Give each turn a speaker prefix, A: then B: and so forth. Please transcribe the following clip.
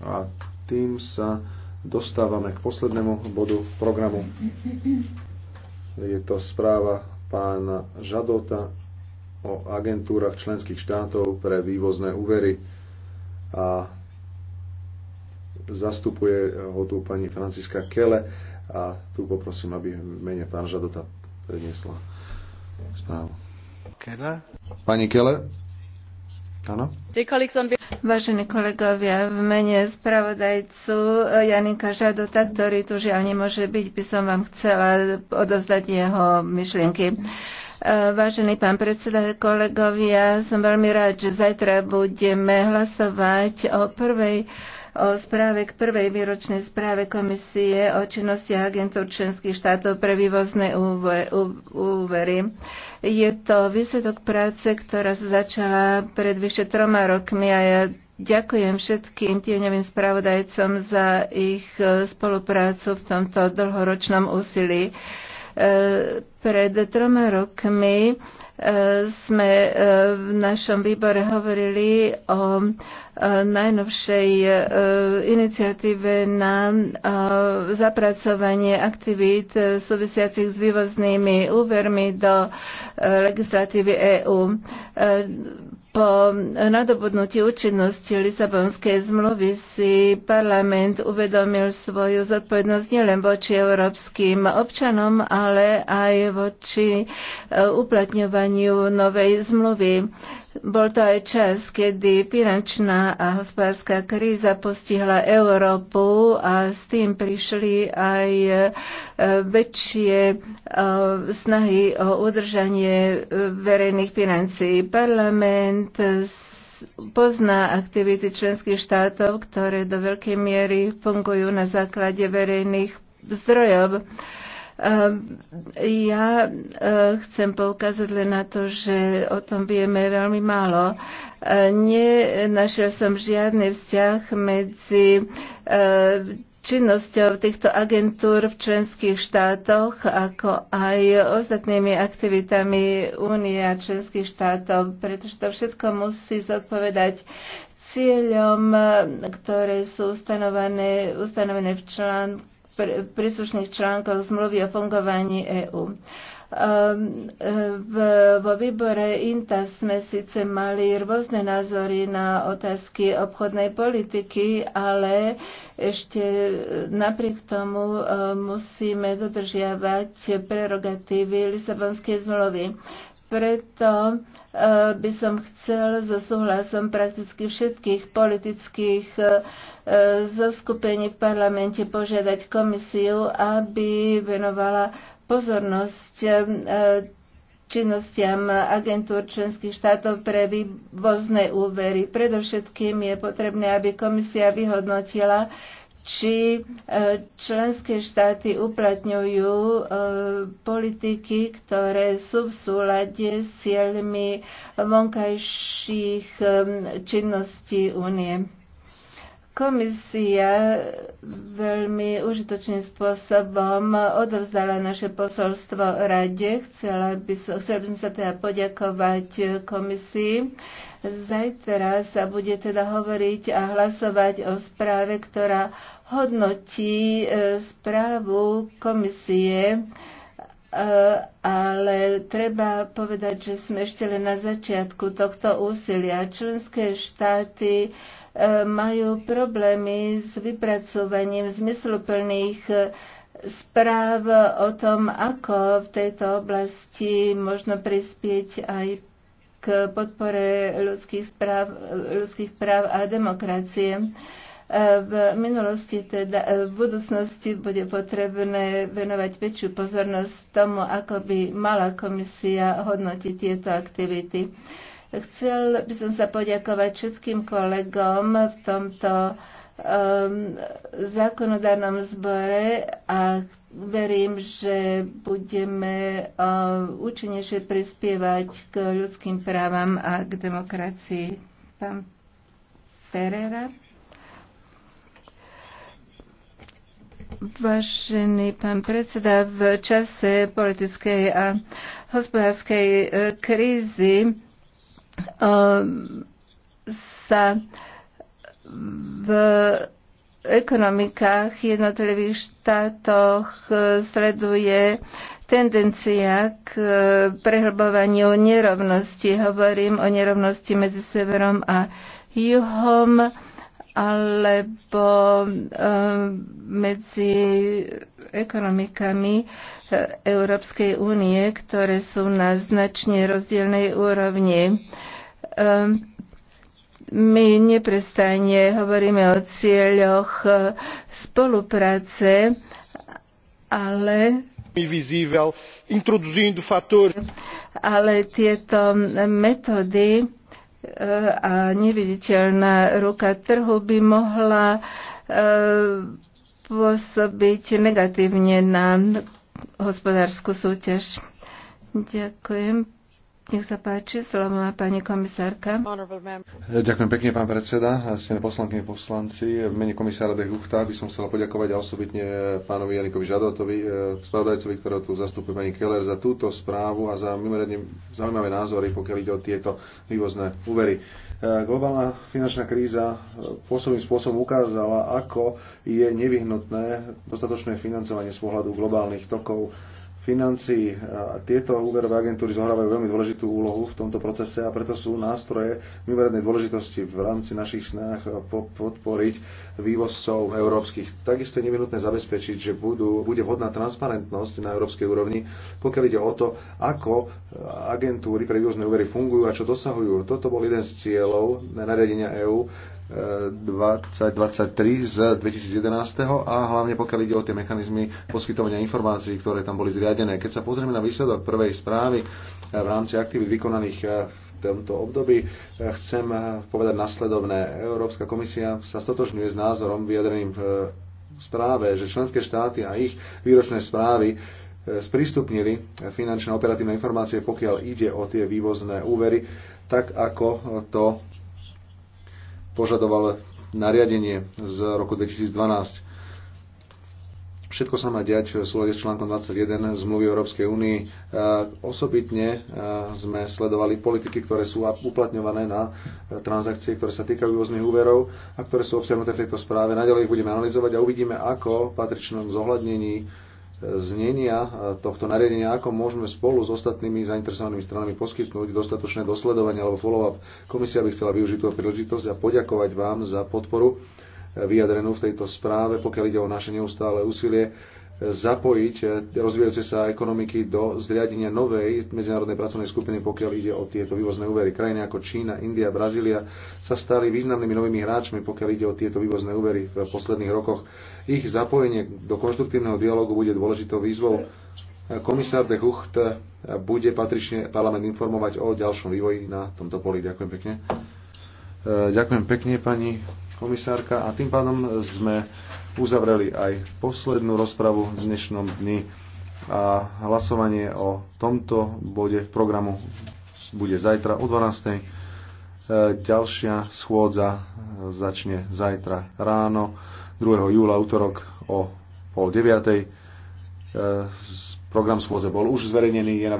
A: A tým sa dostávame k poslednému bodu programu. Je to správa pána Žadota o agentúrach členských štátov pre vývozné úvery a zastupuje ho tu pani Franciska Kele a tu poprosím, aby mene pán Žadota predniesla správu. Kele? Pani Kele, Áno.
B: Vážení kolegovia, v mene spravodajcu eh, Janika Žadota, ktorý tu žiaľ nemôže byť, by som vám chcela odovzdať jeho myšlienky. Eh, vážený pán predseda, kolegovia, som veľmi rád, že zajtra budeme hlasovať o prvej o správe k prvej výročnej správe komisie o činnosti agentov členských štátov pre vývozné úvery. Je to výsledok práce, ktorá sa začala pred vyše troma rokmi a ja Ďakujem všetkým tieňovým spravodajcom za ich e, spoluprácu v tomto dlhoročnom úsilí. E, pred troma rokmi sme e, v našom výbore hovorili o e, najnovšej e, iniciatíve na zapracovanie aktivít súvisiacich s vývoznými úvermi do legislatívy EÚ po nadobudnutí účinnosti Lisabonskej zmluvy si parlament uvedomil svoju zodpovednosť nielen voči európskym občanom, ale aj voči e, uplatňovaniu novej zmluvy. Bol to aj čas, kedy finančná a hospodárska kríza postihla Európu a s tým prišli aj e, väčšie e, snahy o udržanie e, verejných financií. Parlament pozná aktivity členských štátov, ktoré do veľkej miery fungujú na základe verejných zdrojov. Ehm, ja eh, chcem poukázať len na to, že o tom vieme veľmi málo. Eh, nenašiel som žiadny vzťah medzi eh, činnosťou týchto agentúr v členských štátoch, ako aj ostatnými aktivitami únie a členských štátov, pretože to všetko musí zodpovedať cieľom, ktoré sú ustanovené, ustanovené v článku príslušných článkoch zmluvy o fungovaní EÚ. Um, vo výbore INTA sme síce mali rôzne názory na otázky obchodnej politiky, ale ešte napriek tomu uh, musíme dodržiavať prerogatívy Lisabonskej zmluvy preto e, by som chcel so súhlasom prakticky všetkých politických e, e, zoskupení v parlamente požiadať komisiu, aby venovala pozornosť činnostiam agentúr členských štátov pre vývozné úvery. Predovšetkým je potrebné, aby komisia vyhodnotila, či e, členské štáty uplatňujú e, politiky, ktoré sú v súlade s cieľmi vonkajších e, činností únie. Komisia veľmi užitočným spôsobom odovzdala naše posolstvo rade. Chcela by, som, chcela by som sa teda poďakovať komisii. Zajtra sa bude teda hovoriť a hlasovať o správe, ktorá hodnotí e, správu komisie e, ale treba povedať, že sme ešte len na začiatku tohto úsilia. Členské štáty majú problémy s vypracovaním zmysluplných e, správ o tom, ako v tejto oblasti možno prispieť aj k podpore ľudských, správ, ľudských práv a demokracie. E, v minulosti, teda e, v budúcnosti bude potrebné venovať väčšiu pozornosť tomu, ako by mala komisia hodnotiť tieto aktivity. Chcel by som sa poďakovať všetkým kolegom v tomto um, zákonodárnom zbore a verím, že budeme um, účinnejšie prispievať k ľudským právam a k demokracii. Pán Pereira. Vážený pán predseda, v čase politickej a hospodárskej eh, krízy sa v ekonomikách jednotlivých štátoch sleduje tendencia k prehlbovaniu nerovnosti. Hovorím o nerovnosti medzi severom a juhom alebo eh, medzi ekonomikami eh, Európskej únie, ktoré sú na značne rozdielnej úrovni. Eh, my neprestajne hovoríme o cieľoch spolupráce, ale ale tieto metódy a neviditeľná ruka trhu by mohla e, pôsobiť negatívne na hospodárskú súťaž. Ďakujem nech sa páči, slovo má pani komisárka.
A: Ďakujem pekne, pán predseda. Ste poslankyne poslanci. V mene komisára de Huchta by som chcela poďakovať a osobitne pánovi Janikovi Žadotovi, eh, spravodajcovi, ktorého tu zastupuje pani Keller, za túto správu a za mimoriadne zaujímavé názory, pokiaľ ide o tieto vývozné úvery. Eh, globálna finančná kríza eh, pôsobným spôsobom ukázala, ako je nevyhnutné dostatočné financovanie z pohľadu globálnych tokov financií. Tieto úverové agentúry zohrávajú veľmi dôležitú úlohu v tomto procese a preto sú nástroje mimoriadnej dôležitosti v rámci našich snách podporiť vývozcov európskych. Takisto je nevyhnutné zabezpečiť, že budú, bude vhodná transparentnosť na európskej úrovni, pokiaľ ide o to, ako agentúry pre vývozné úvery fungujú a čo dosahujú. Toto bol jeden z cieľov nariadenia EÚ 2023 z 2011 a hlavne pokiaľ ide o tie mechanizmy poskytovania informácií, ktoré tam boli zriadené. Keď sa pozrieme na výsledok prvej správy eh, v rámci aktivít vykonaných eh, v tomto období, eh, chcem povedať nasledovné. Európska komisia sa stotožňuje s názorom vyjadreným v správe, že členské štáty a ich výročné správy sprístupnili finančné operatívne informácie, pokiaľ ide o tie vývozné úvery, tak ako to požadoval nariadenie z roku 2012. Všetko sa má diať v súlade s článkom 21 zmluvy Európskej únii. E, osobitne e, sme sledovali politiky, ktoré sú uplatňované na e, transakcie, ktoré sa týkajú rôznych úverov a ktoré sú obsiahnuté v tejto správe. Naďalej ich budeme analyzovať a uvidíme, ako patričnom zohľadnení znenia e, tohto nariadenia, ako môžeme spolu s ostatnými zainteresovanými stranami poskytnúť dostatočné dosledovanie alebo follow-up. Komisia by chcela využiť túto príležitosť a poďakovať vám za podporu e, vyjadrenú v tejto správe, pokiaľ ide o naše neustále úsilie zapojiť eh, rozvíjajúce sa ekonomiky do zriadenia novej medzinárodnej pracovnej skupiny, pokiaľ ide o tieto vývozné úvery. Krajiny ako Čína, India, Brazília sa stali významnými novými hráčmi, pokiaľ ide o tieto vývozné úvery v posledných rokoch. Ich zapojenie do konštruktívneho dialogu bude dôležitou výzvou. Komisár de Hucht bude patrične parlament informovať o ďalšom vývoji na tomto poli. Ďakujem pekne. Eh, ďakujem pekne, pani komisárka. A tým pádom sme uzavreli aj poslednú rozpravu v dnešnom dni a hlasovanie o tomto bode programu bude zajtra o 12.00. E, ďalšia schôdza e, začne zajtra ráno 2. júla, útorok o pol 9. E, program schôdze bol už zverejnený, je na